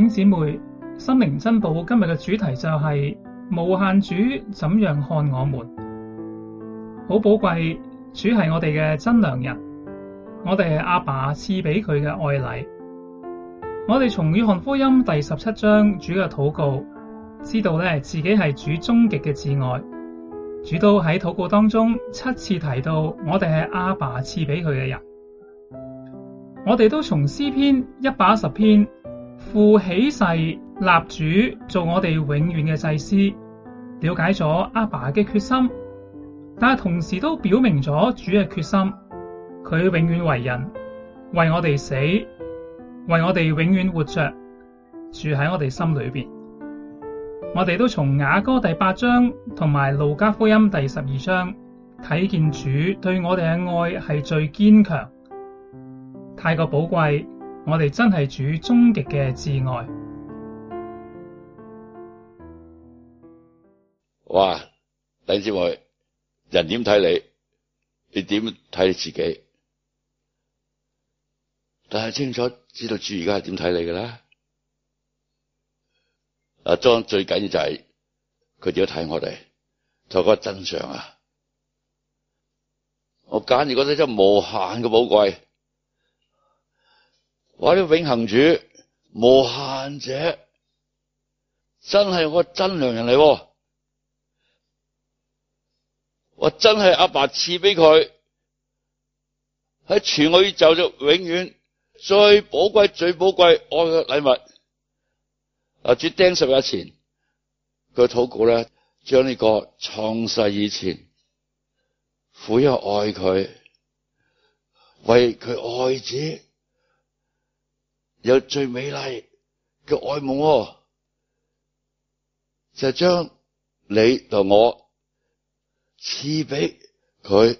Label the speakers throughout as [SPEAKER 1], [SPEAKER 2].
[SPEAKER 1] 姐姊姊妹，心靈珍寶，今日嘅主題就係、是、無限主怎樣看我們，好寶貴，主係我哋嘅真良人，我哋係阿爸賜俾佢嘅愛禮。我哋從約翰福音第十七章主嘅禱告，知道咧自己係主終極嘅摯愛。主都喺禱告當中七次提到我哋係阿爸賜俾佢嘅人。我哋都從詩篇一百一十篇。父起誓立主做我哋永遠嘅祭司，了解咗阿爸嘅決心，但係同時都表明咗主嘅決心，佢永遠為人，為我哋死，為我哋永遠活着，住喺我哋心裏邊。我哋都從雅歌第八章同埋路加福音第十二章睇見主對我哋嘅愛係最堅強，太過寶貴。我哋真係主終極嘅至愛。
[SPEAKER 2] 哇，李志偉，人點睇你？你點睇你自己？但係清楚知道主而家係點睇你噶啦。阿、啊、莊最緊要是他怎麼看就係佢點睇我哋，就係嗰個真相啊！我簡直覺得真無限嘅寶貴。我啲永恆主、無限者，真係我真良人嚟，我真係阿爸賜俾佢喺全宇宙做永遠最寶貴、最寶貴愛嘅禮物。啊，主釘十字架前，佢禱告咧，將呢個創世以前、父又愛佢、為佢愛者。有最美麗嘅愛夢，就係將你同我賜俾佢，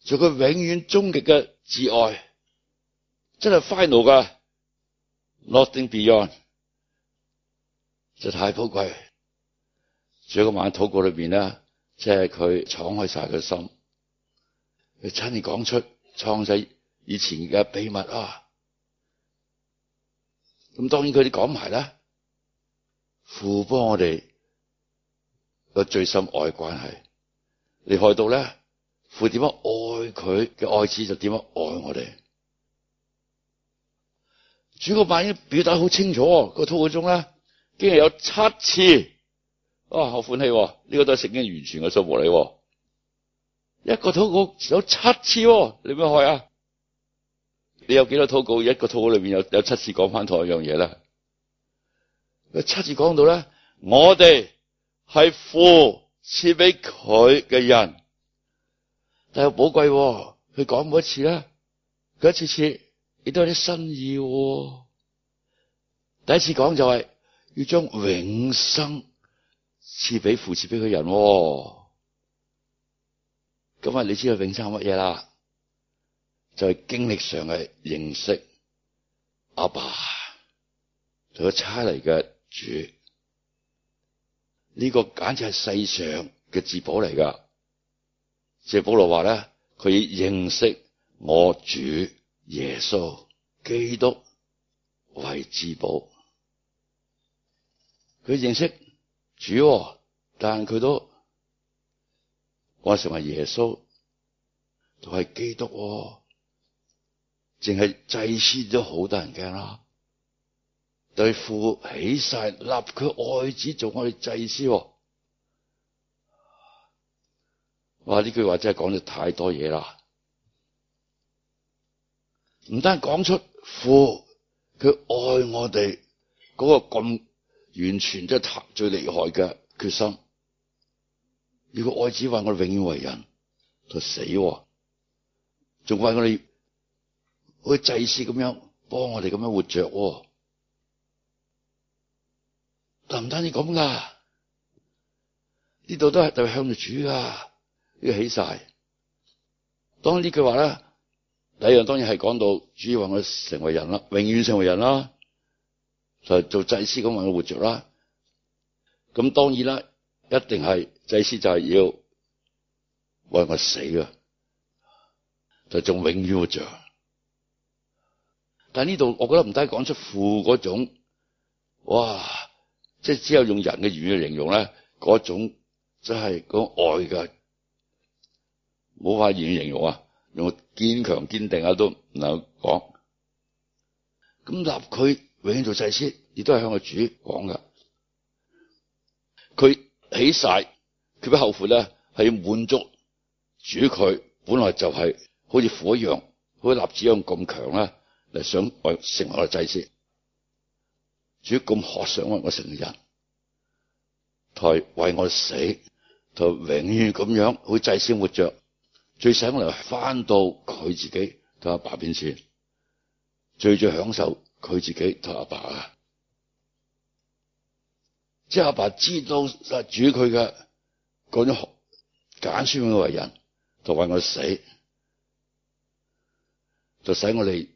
[SPEAKER 2] 做佢永遠終極嘅摯愛，真係 final 噶，nothing beyond，就太寶貴。在個晚禱過裏邊咧，即係佢敞開晒佢心，佢親自講出創世以前嘅秘密啊！咁當然佢哋講埋啦，父幫我哋個最深愛關係，你害到呢，父點樣愛佢嘅愛子就點樣愛我哋。主嘅反應表達好清楚，喎、那個禱告中呢，竟然有七次，啊，好歡喜，呢、這個都係聖經完全嘅數目嚟，喎。一個禱告有七次喎，你唔好害啊！你有幾多禱告？一個禱告裏面有有七次講翻同一樣嘢啦。七次講到咧，我哋係父賜俾佢嘅人，但係寶貴。佢講每一次咧，佢一次次亦都有啲新意、哦。第一次講就係、是、要將永生賜俾父賜俾佢人、哦。今日你知道永生係乜嘢啦？就係、是、經歷上嘅認識阿爸同佢差嚟嘅主，呢、這個簡直係世上嘅至寶嚟噶。即係保羅話咧，佢以認識我主耶穌基督為至寶，佢認識主、哦，但佢都我成為耶穌都係基督、哦。淨係祭司都好得人驚啦，對父起誓立佢愛子做我哋祭司、哦，哇！呢句話真係講咗太多嘢啦，唔單講出父佢愛我哋嗰、那個咁完全即係最厲害嘅決心，如、這、果、個、愛子話我哋永遠為人，佢死仲、哦、話我哋。佢祭司咁樣幫我哋咁樣活着，但唔單止咁噶，呢度都係就向住主噶，要起晒。當呢句話咧，第一樣當然係講到主為我成為人啦，永遠成為人啦，就是，做祭司咁為我活着啦。咁當然啦，一定係祭司就係要為我死噶，就仲永遠活着。但呢度，我覺得唔得講出父嗰種，哇！即係只有用人嘅語言形容咧，嗰種即係個愛嘅，冇法語言形容啊！用堅強、堅定啊，都唔能講。咁立佢永遠做祭司，亦都係向個主講嘅。佢起誓，佢唔後悔咧，係要滿足主，佢本來就係好似火一樣，好似立子一樣咁強啦。嚟想為成為我嘅祭司，主咁可想為我成人，就為我死，就永遠咁樣去祭司活着，最醒我嚟翻到佢自己同阿爸面前，最最享受佢自己同阿爸啊！即係阿爸知道係主佢嘅嗰種學揀選我為人，就為我死，就使我哋。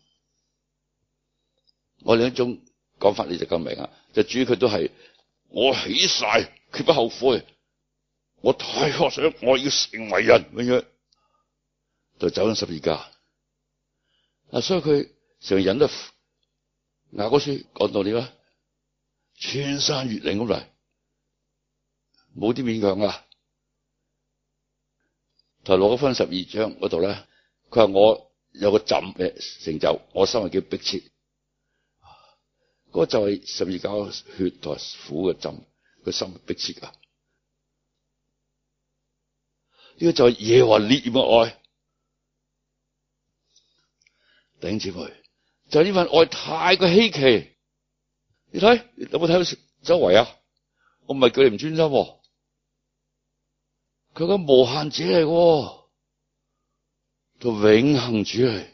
[SPEAKER 2] 我另一種講法這麼，你就夠明啦。就主要佢都係我起晒，絕不後悔。我太渴想，我要成為人，永遠就是、走咗十字架。嗱，所以佢成日忍得嗱，雅歌書，講到點啦，穿山越嶺咁嚟，冇啲勉強噶。就攞咗翻十二章嗰度咧，佢話我有個浸嘅成就，我心係叫迫切。嗰就係十字架血同苦嘅浸，佢心迫切啊！呢、這個就係耶和華烈焰嘅愛，弟兄姊妹，就就係、呢份愛太過稀奇。你睇有冇睇到周圍啊？我唔係叫你唔專心，佢個無限者嚟，佢永恆主嚟。